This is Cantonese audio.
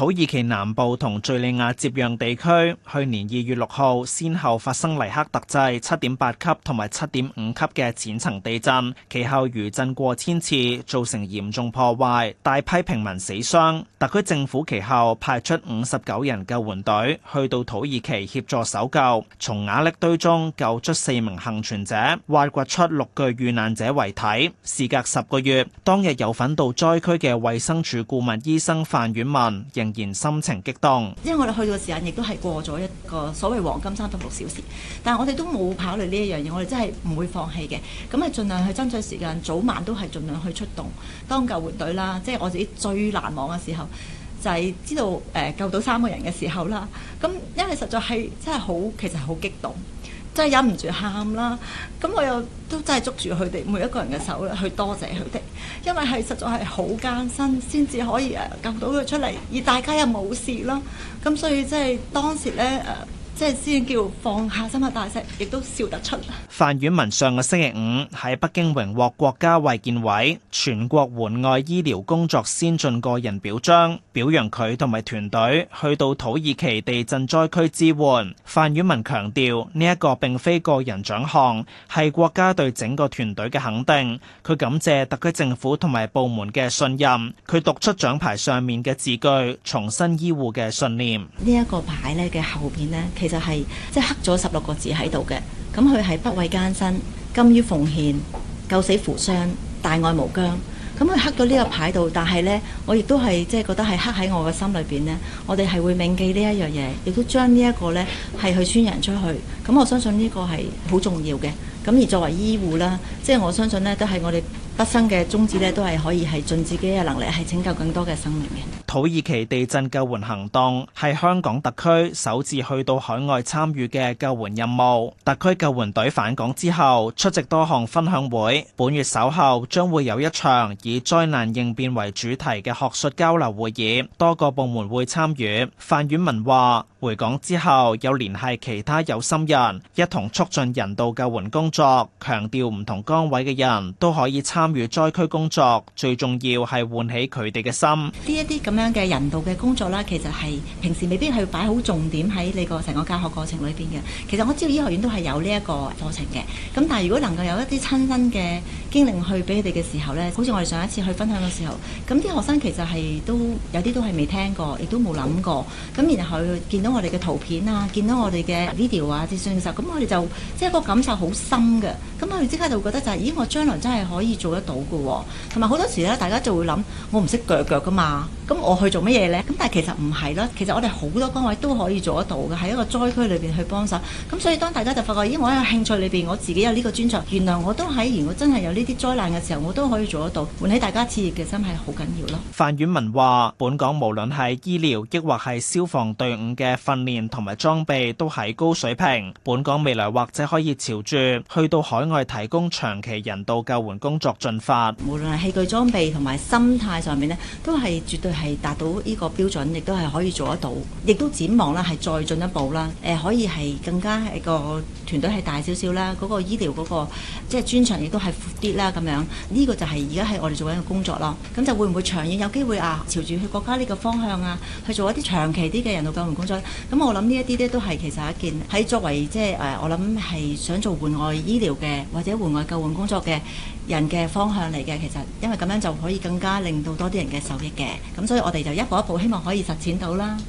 土耳其南部同敘利亞接壤地區，去年二月六號先後發生黎克特制七點八級同埋七點五級嘅淺層地震，其後餘震過千次，造成嚴重破壞，大批平民死傷。特區政府其後派出五十九人救援隊去到土耳其協助搜救，從瓦礫堆中救出四名幸存者，挖掘出六具遇難者遺體。事隔十個月，當日有份到災區嘅衛生署顧問醫生范婉雯然心情激動，因為我哋去到嘅時間亦都係過咗一個所謂黃金三十六小時，但係我哋都冇考慮呢一樣嘢，我哋真係唔會放棄嘅，咁係儘量去爭取時間，早晚都係儘量去出動，當救援隊啦，即係我自己最難忘嘅時候，就係知道誒救到三個人嘅時候啦，咁因為實在係真係好，其實係好激動。真係忍唔住喊啦，咁我又都真係捉住佢哋每一個人嘅手去多謝佢哋，因為係實在係好艱辛先至可以誒救到佢出嚟，而大家又冇事咯，咁所以即係當時咧誒。即係先叫放下心懷大石，亦都笑得出。范婉雯上個星期五喺北京榮獲國家衛健委全國援外醫療工作先進個人表彰，表揚佢同埋團隊去到土耳其地震災區支援。范婉雯強調呢一個並非個人獎項，係國家對整個團隊嘅肯定。佢感謝特區政府同埋部門嘅信任。佢讀出獎牌上面嘅字句，重申醫護嘅信念。呢一個牌咧嘅後面咧，就係即係刻咗十六個字喺度嘅，咁佢係不畏艱辛、甘於奉獻、救死扶傷、大愛無疆。咁佢刻到呢個牌度，但係呢，我亦都係即係覺得係刻喺我嘅心裏邊呢，我哋係會銘記呢一樣嘢，亦都將呢一個呢係去宣揚出去。咁我相信呢個係好重要嘅。咁而作為醫護啦，即係我相信呢，都係我哋畢生嘅宗旨呢都係可以係盡自己嘅能力係拯救更多嘅生命嘅。土耳其地震救援行動係香港特區首次去到海外參與嘅救援任務。特區救援隊返港之後，出席多項分享會。本月稍後將會有一場以災難應變為主題嘅學術交流會議，多個部門會參與。范婉雯話：回港之後有聯繫其他有心人，一同促進人道救援工作。作強調唔同崗位嘅人都可以參與災區工作，最重要係喚起佢哋嘅心。呢一啲咁樣嘅人道嘅工作啦，其實係平時未必去擺好重點喺你個成個教學過程裏邊嘅。其實我知道醫學院都係有呢一個課程嘅，咁但係如果能夠有一啲親身嘅。經歷去俾佢哋嘅時候呢，好似我哋上一次去分享嘅時候，咁啲學生其實係都有啲都係未聽過，亦都冇諗過。咁然後見到我哋嘅圖片啊，見到我哋嘅 video 啊啲嘅時候，咁我哋就即係個感受好深嘅。咁我哋即刻就覺得就係、是，咦！我將來真係可以做得到嘅喎、哦。同埋好多時呢，大家就會諗，我唔識鋸腳噶嘛。咁我去做乜嘢呢？咁但係其實唔係咯，其實我哋好多崗位都可以做得到嘅，喺一個災區裏邊去幫手。咁所以當大家就發覺，咦，我喺興趣裏邊，我自己有呢個專長，原來我都喺如果真係有呢啲災難嘅時候，我都可以做得到。喚起大家熾熱嘅心係好緊要咯。范婉雯話：本港無論係醫療，抑或係消防隊伍嘅訓練同埋裝備，都係高水平。本港未來或者可以朝住去到海外提供長期人道救援工作進發。無論係器具裝備同埋心態上面呢，都係絕對。係達到呢個標準，亦都係可以做得到，亦都展望啦，係再進一步啦。誒、呃，可以係更加係個團隊係大少少啦，嗰、那個醫療嗰、那個即係專長，亦都係闊啲啦。咁樣呢個就係而家係我哋做緊嘅工作咯。咁就會唔會長遠有機會啊？朝住去國家呢個方向啊，去做一啲長期啲嘅人道救援工作咧？咁我諗呢一啲咧都係其實一件喺作為即係誒、呃，我諗係想做援外醫療嘅或者援外救援工作嘅人嘅方向嚟嘅。其實因為咁樣就可以更加令到多啲人嘅受益嘅。咁所以我哋就一步一步，希望可以實踐到啦。